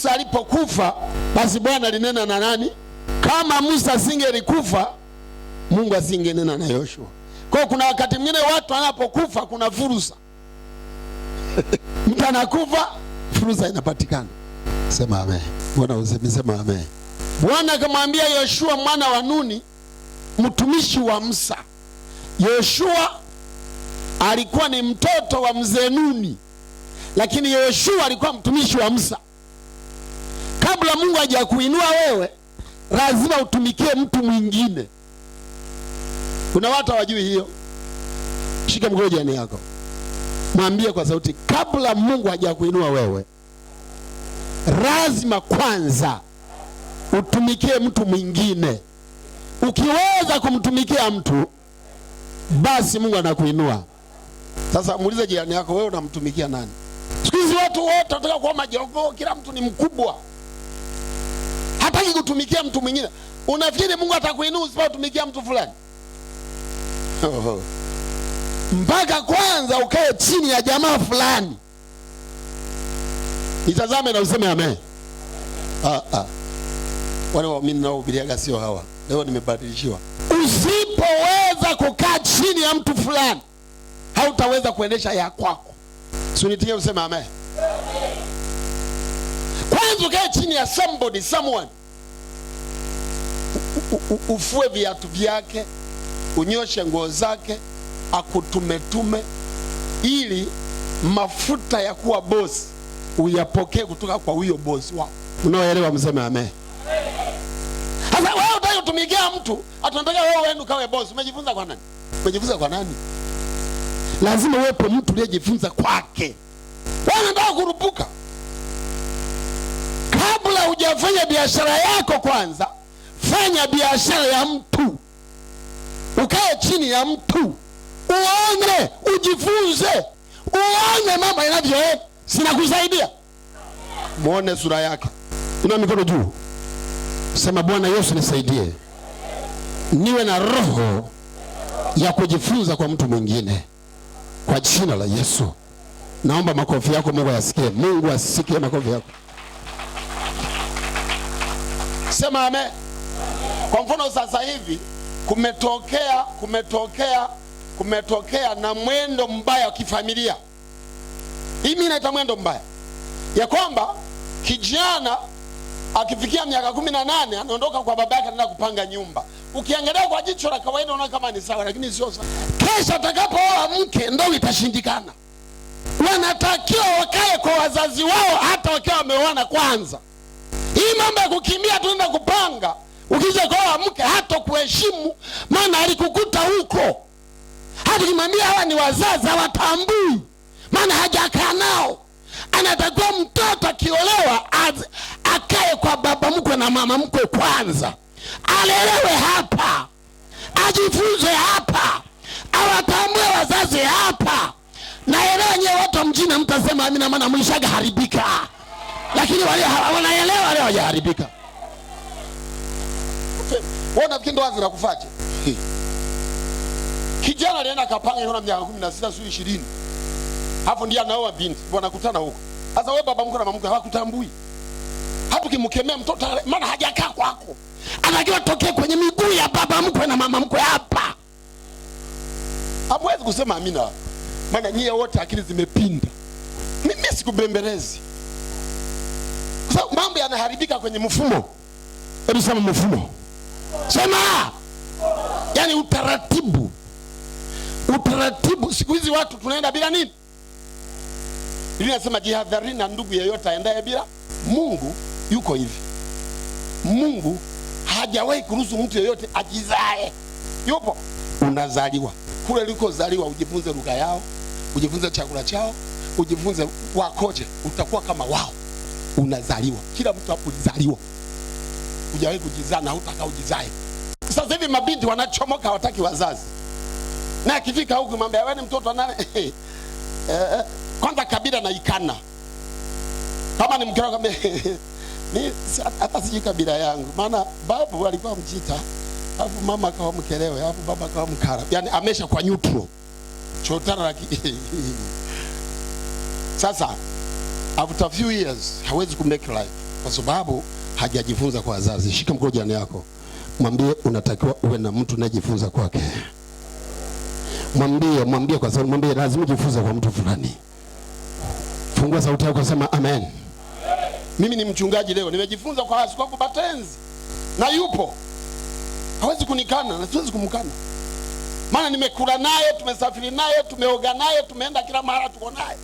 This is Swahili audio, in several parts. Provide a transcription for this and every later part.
Musa alipokufa, basi Bwana alinena na nani? Kama Musa asingelikufa, Mungu asingenena na Yoshua. Kwa kuna wakati mwingine watu wanapokufa kuna fursa mtu anakufa, fursa inapatikana. Sema amen. Bwana useme sema amen. Bwana akamwambia Yoshua mwana wa Nuni, mtumishi wa Musa. Yoshua alikuwa ni mtoto wa mzee Nuni, lakini Yoshua alikuwa mtumishi wa Musa kabla Mungu hajakuinua wewe, lazima utumikie mtu mwingine. Kuna watu hawajui hiyo. Shika mkono jirani yako, mwambie kwa sauti, kabla Mungu hajakuinua wewe, lazima kwanza utumikie mtu mwingine. Ukiweza kumtumikia mtu, basi Mungu anakuinua. Sasa muulize jirani yako, wewe unamtumikia nani? Siku hizi watu wote wanataka kuwa majogoo, kila mtu ni mkubwa hataki kutumikia mtu mwingine. Unafikiri Mungu atakuinua usipoutumikia mtu fulani? mpaka kwanza ukae chini ya jamaa fulani. Nitazame na useme amen. Ah, ah. Wale waamini nao hubiriaga sio hawa. Leo nimebadilishiwa. Usipoweza kukaa chini ya mtu fulani, hautaweza kuendesha ya kwako. Sunitie useme amen. Kwanza ukae chini ya somebody someone ufue viatu vyake, unyoshe nguo zake, akutumetume ili mafuta ya kuwa bosi uyapokee kutoka kwa huyo bosi wao. Unaoelewa, mseme amen. Sasa wewe kutumikia mtu atunataka wewe uende ukawe bosi, umejifunza kwa nani? Umejifunza kwa nani? Lazima uwepo mtu uliyejifunza kwake. Wewe unataka kurupuka, kabla hujafanya biashara yako kwanza fanya biashara ya mtu, ukae chini ya mtu uone, ujifunze, uone mambo yanavyo. sinakusaidia muone sura yake. Ina mikono juu, sema Bwana Yesu nisaidie, niwe na roho ya kujifunza kwa mtu mwingine, kwa jina la Yesu. Naomba makofi yako Mungu ayasikie. Mungu asikie makofi yako. Sema amen. Kwa mfano sasa hivi kumetokea kumetokea kumetokea na mwendo mbaya wa kifamilia. Hii mimi naita mwendo mbaya ya kwamba kijana akifikia miaka kumi na nane anaondoka kwa baba yake, anaenda kupanga nyumba. Ukiangalia kwa jicho la kawaida unaona kama ni sawa, lakini sio sawa. Kesha atakapooa mke, ndio itashindikana. Wanatakiwa wakae kwa wazazi wao hata wakiwa wameoana kwanza. Hii mambo ya kukimbia tunaenda kupanga uliza kwa wa mke hata kuheshimu, maana alikukuta huko, hadi kimwambia hawa ni wazazi hawatambui, maana hajakaa nao. Anatakiwa mtoto akiolewa akae kwa baba mkwe na mama mkwe kwanza, alelewe hapa, ajifunze hapa, awatambue wazazi hapa. Naelewa nyewe watu wa mjini mtasema amina, maana mlishaga haribika, lakini walio wanaelewa, leo hawajaharibika mfemu wewe, unafikiri ndo anza kufaje? Kijana alienda kapanga yona miaka 16 sio 20, hapo ndiye anaoa binti, Bwana kutana huko. Sasa wewe baba mko na mama hawakutambui hapo, kimkemea mtoto maana hajakaa kwako, anajua tokee kwenye miguu ya baba mkwe na mama mkwe. Hapa hamwezi kusema amina, maana nyie wote akili zimepinda. Mimi sikubembelezi kwa sababu mambo yanaharibika kwenye mfumo. Hebu sema mfumo. Sema yani utaratibu, utaratibu. Siku hizi watu tunaenda bila nini? Biblia inasema jihadhari na ndugu yeyote aendaye bila Mungu. Yuko hivi, Mungu hajawahi kuruhusu mtu yeyote ajizae. Yupo unazaliwa kule ulikozaliwa, ujifunze lugha yao, ujifunze chakula chao, ujifunze wakoje, utakuwa kama wao. Unazaliwa, kila mtu hapo ulizaliwa hujawahi kujizaa na hutaka ujizae. Sasa hivi mabinti wanachomoka, hawataki wazazi, na akifika huku mwambia wewe ni mtoto nani? Eh, eh, eh. kwanza kabila naikana kama ni mkeo kama ni hata sijui kabila yangu, maana babu alikuwa Mjita alafu mama akawa Mkelewe alafu baba akawa Mkara, yani amesha kwa neutral chotara laki. Sasa after few years hawezi kumake life kwa sababu hajajifunza kwa wazazi. Shika mkono jirani yako, mwambie unatakiwa uwe na mtu unayejifunza kwake. Mwambie, mwambie kwa sababu, mwambie lazima ujifunze kwa mtu fulani. Fungua sauti yako, sema amen, Mimi ni mchungaji leo, nimejifunza kwa Askofu Batenzi na yupo, hawezi kunikana na siwezi kumkana, maana nimekula naye, tumesafiri naye, tumeoga naye, tumeenda kila mahali, tuko naye,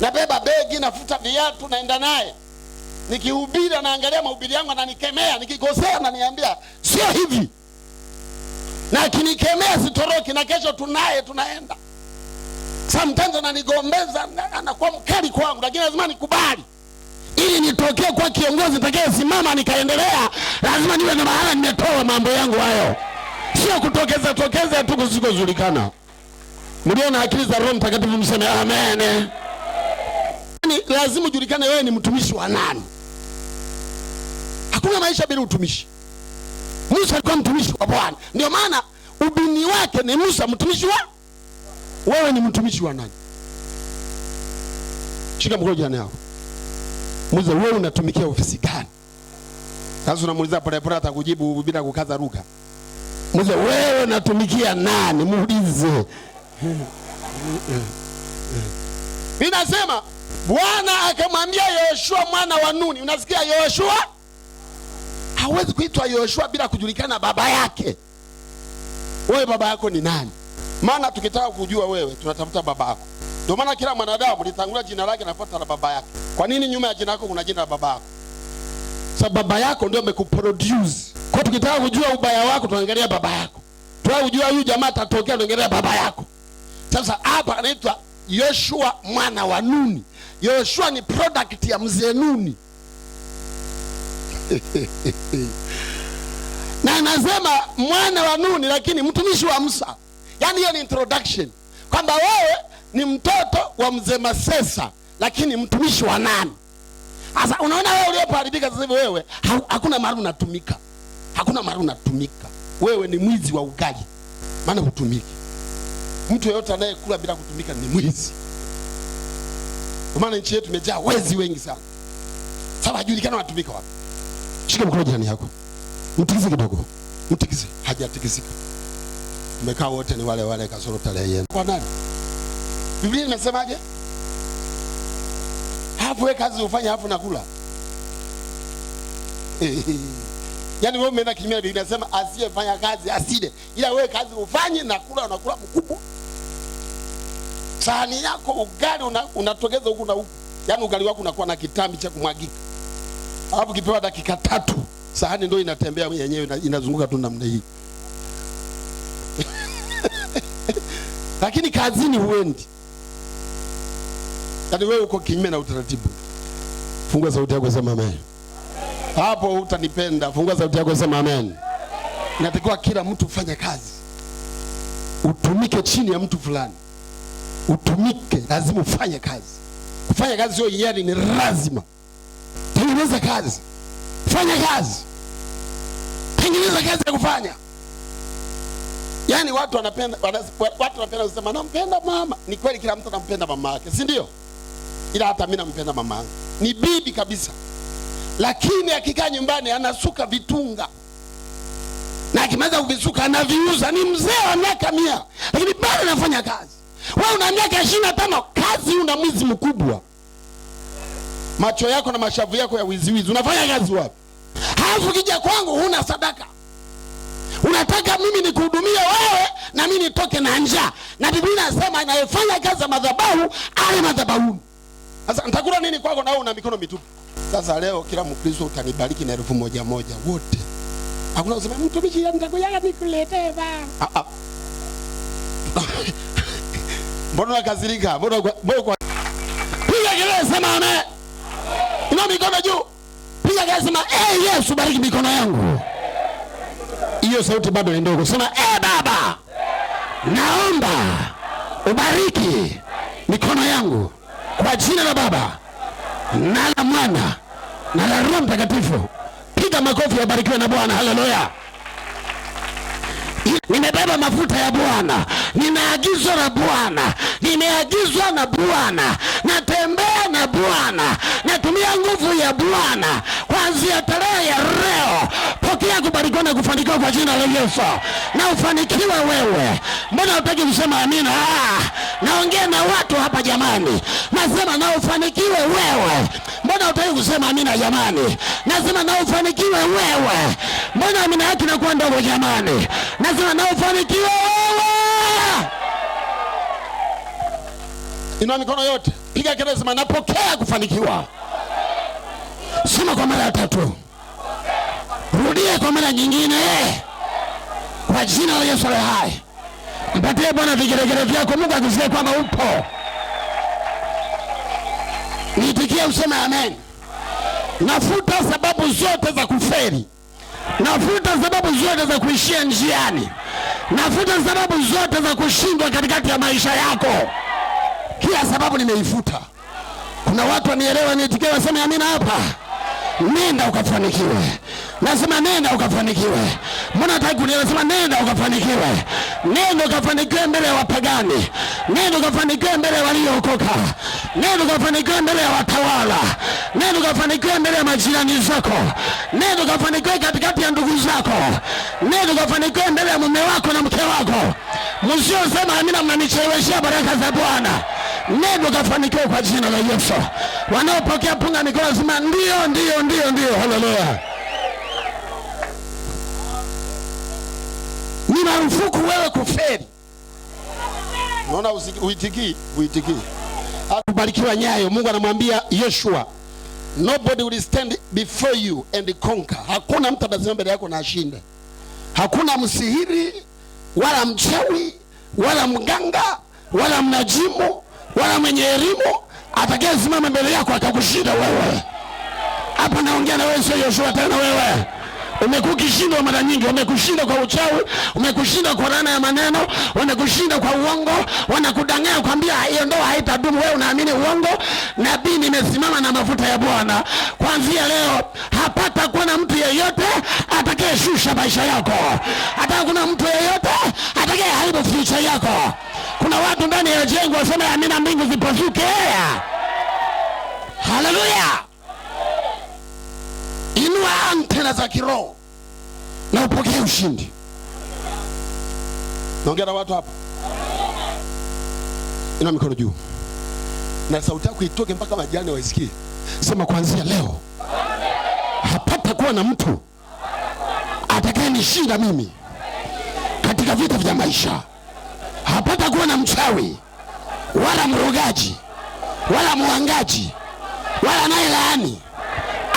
nabeba begi, nafuta viatu, naenda naye nikihubiri anaangalia mahubiri yangu ananikemea, nikikosea ananiambia sio hivi, na akinikemea sitoroki, na kesho tunaye tunaenda. Sometimes ananigombeza, anakuwa mkali kwangu, lakini lazima nikubali ili nitokee kwa kiongozi nitakayesimama nikaendelea. Lazima niwe na mahala nimetoa mambo yangu hayo, sio kutokeza tokeza tu kusikojulikana. Mlio na akili za Roho Mtakatifu mseme amen. Lazima ujulikane wewe ni mtumishi wa nani hakuna maisha bila utumishi. Musa alikuwa mtumishi wa Bwana, ndio maana ubini wake ni Musa mtumishi wa. Wewe ni mtumishi wa nani? Shika mkono jirani yako, muulize, wewe unatumikia ofisi gani? Sasa unamuuliza polepole, atakujibu bila kukaza lugha. Muulize, wewe unatumikia nani? Muulize. Inasema Bwana akamwambia Yoshua mwana wa Nuni, unasikia Yoshua hawezi kuitwa Yoshua bila kujulikana baba yake. Wewe baba yako ni nani? Maana tukitaka kujua wewe tunatafuta baba yako. Ndio maana kila mwanadamu litangulia jina lake nafuata la baba yake. Kwa nini nyuma ya jina lako kuna jina la baba yako? Sababu baba yako ndio amekuproduce. Kwa tukitaka kujua ubaya wako tunaangalia baba yako. Tunataka kujua huyu jamaa atatokea tunaangalia baba yako. Sasa hapa anaitwa Yoshua mwana wa Nuni. Yoshua ni product ya mzee Nuni. na anasema mwana wa Nuni, lakini mtumishi wa Musa. Yaani hiyo ni introduction kwamba wewe ni mtoto wa mzee Masesa, lakini mtumishi wa nani? Sasa unaona wewe ulioharibika sasa hivi, wewe hakuna mahali unatumika, hakuna mahali unatumika. Wewe ni mwizi wa ugali, maana hutumiki. Mtu yeyote anayekula bila kutumika ni mwizi. Kwa maana nchi yetu imejaa wezi wengi sana, sasa hajulikana wanatumika wapi. Shika mkono jirani yako, mtikize kidogo, mtikise. Hajatikisika, mmekaa wote ni wale wale, kasoro tarehe yenu kwa nani? Biblia inasemaje? Hapo wewe kazi ufanye, hapo nakula Yaani wewe umeenda kimya, Biblia inasema asiyefanya kazi asile, ila wewe kazi ufanye na kula, unakula mkubwa. Sahani yako ugali unatogeza una huku na huku, yaani ugali wako unakuwa na kitambi cha kumwagika alafu kipewa dakika tatu sahani ndio inatembea yenyewe inazunguka tu namna hii lakini kazini huendi, yaani wewe uko kinyume na utaratibu. Fungua sauti yako, sema amen. Hapo utanipenda. Fungua sauti yako, sema amen. Inatakiwa kila mtu ufanye kazi, utumike chini ya mtu fulani, utumike, lazima ufanye kazi. Kufanya kazi sio hiari, ni lazima tengeneza kazi, fanya kazi, tengeneza kazi ya kufanya. Yaani watu wanapenda, watu wanapenda kusema nampenda mama. Ni kweli, kila mtu anampenda mama yake, si ndio? Ila hata mimi nampenda mama yangu, ni bibi kabisa, lakini akikaa nyumbani anasuka vitunga na akimaliza kuvisuka anaviuza. Ni mzee wa miaka mia, lakini bado anafanya kazi. Wewe una miaka ishirini na tano kazi, una mwizi mkubwa macho yako na mashavu yako ya wiziwizi, unafanya kazi wapi? Halafu kija kwangu huna sadaka, unataka mimi nikuhudumie wewe na mimi nitoke na njaa, na Biblia inasema anayefanya kazi za madhabahu ale madhabahuni. Sasa nitakula nini kwako na wewe una mikono mitupu? Sasa leo kila Mkristo utanibariki na elfu moja moja wote, hakuna usema mtumishi nitakuja nikuletee baba. Ah, ah. Mbona unakasirika? Mbona mbona? Piga kelele, sema amen. Inua mikono juu, piga kelele, sema eh, Yesu bariki mikono yangu. Hiyo sauti bado ni ndogo, sema eh, Baba naomba ubariki mikono yangu kwa jina la Baba na la Mwana na la Roho Mtakatifu. Piga makofi, yabarikiwe na Bwana. Haleluya! nimebeba mafuta ya Bwana, nina agizo la Bwana, nimeagizwa na Bwana, natembea na Bwana, natumia nguvu ya Bwana. Kuanzia tarehe ya leo, pokea kubarikiwa na kufanikiwa kwa jina la Yesu, na ufanikiwe wewe. Mbona hutaki kusema amina? Ah, naongea na watu hapa jamani, nasema na ufanikiwe wewe. Mbona utaki kusema amina jamani? Nasema na ufanikiwe wewe. Mbona amina yake inakuwa ndogo jamani? Nasema na ufanikiwe wewe. Inua mikono yote, piga kelele, sema napokea kufanikiwa. Sema kwa mara ya tatu, rudia kwa mara nyingine, kwa jina la Yesu aliye hai. Mpatie Bwana vigelegele vyako, Mungu akisikia kwamba upo Nitikie useme amen. Nafuta sababu zote za kufeli, nafuta sababu zote za kuishia njiani, nafuta sababu zote za kushindwa katikati ya maisha yako. Kila sababu nimeifuta. Kuna watu wanielewa, nitikie waseme amina hapa. Nenda ukafanikiwe. Lazima nenda ukafanikiwe. Mbona hataki kunielewa? Lazima nenda ukafanikiwe, nenda ukafanikiwe mbele ya wapagani, nenda ukafanikiwe mbele ya waliookoka, nenda ukafanikiwe mbele ya watawala, nenda ukafanikiwe mbele ya majirani zako, nenda ukafanikiwe katikati ya ndugu zako, nenda ukafanikiwe mbele ya mume wako na mke wako. Msiosema amina, mnanicheleweshea baraka za Bwana. Nenda ukafanikiwe kwa jina la Yesu. Wanaopokea punga mikono, lazima ndio, ndio, ndio, ndio. Haleluya! ni marufuku wewe kufeli. Unaona, uitiki uitiki. Akubarikiwa nyayo. Mungu anamwambia Yoshua, nobody will stand before you and conquer. Hakuna mtu atasimama mbele yako na ashinde. Hakuna msihiri wala mchawi wala mganga wala mnajimu wala mwenye elimu atakayesimama mbele yako akakushinda wewe. Hapa naongea na wewe, sio Yoshua tena wewe. Umekuwa ukishindwa mara nyingi, wamekushinda kwa uchawi, umekushinda kwa laana ya maneno, wamekushinda kwa uongo, wanakudanganya kwambia hiyo ndoa haitadumu. Wewe unaamini uongo. Nabii, nimesimama na mafuta ya Bwana kuanzia leo, hapata kuwa na mtu yeyote atakayeshusha maisha yako, hata kuna mtu yeyote atakayeharibu future yako. Kuna watu ndani ya jengo wasema amina, mbingu zipasuke. Haleluya! Inua antena za kiroho na upokee ushindi. Naongea na watu hapa, inua mikono juu na sauti yako itoke mpaka majani waisikie. Sema, kuanzia leo hapata kuwa na mtu atakayenishinda mimi katika vita vya maisha. Hapata kuwa na mchawi wala mrogaji wala mwangaji wala anayelaani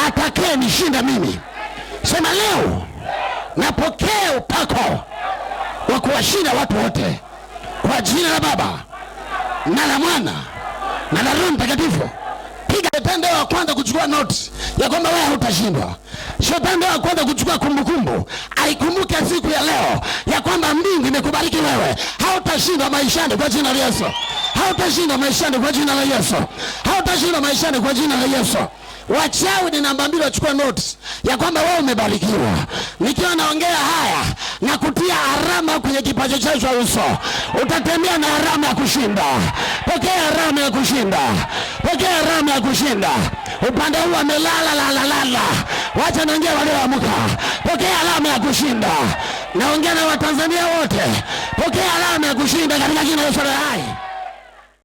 atakaye nishinda mimi. Sema leo napokea upako wa kuwashinda watu wote kwa jina la Baba na la Mwana na la Roho Mtakatifu. Piga shetani wa kwanza kuchukua noti ya kwamba wewe hautashindwa. Shetani wa kwanza kuchukua kumbukumbu, aikumbuke siku ya leo ya kwamba mbingu imekubariki wewe, hautashindwa maishani kwa jina la Yesu. Hautashinda maishani kwa jina la Yesu. Hautashinda maishani kwa jina la Yesu. Wachawi ni namba mbili, wachukue notes ya kwamba wewe umebarikiwa. Nikiwa naongea haya na kutia alama kwenye kipaji chako cha uso, utatembea na alama ya kushinda. Pokea alama ya kushinda, pokea alama ya kushinda. Upande huu amelala la la, wacha naongea walioamka. Pokea alama ya kushinda, naongea na Watanzania wote. Pokea alama ya kushinda katika jina la Yesu hai.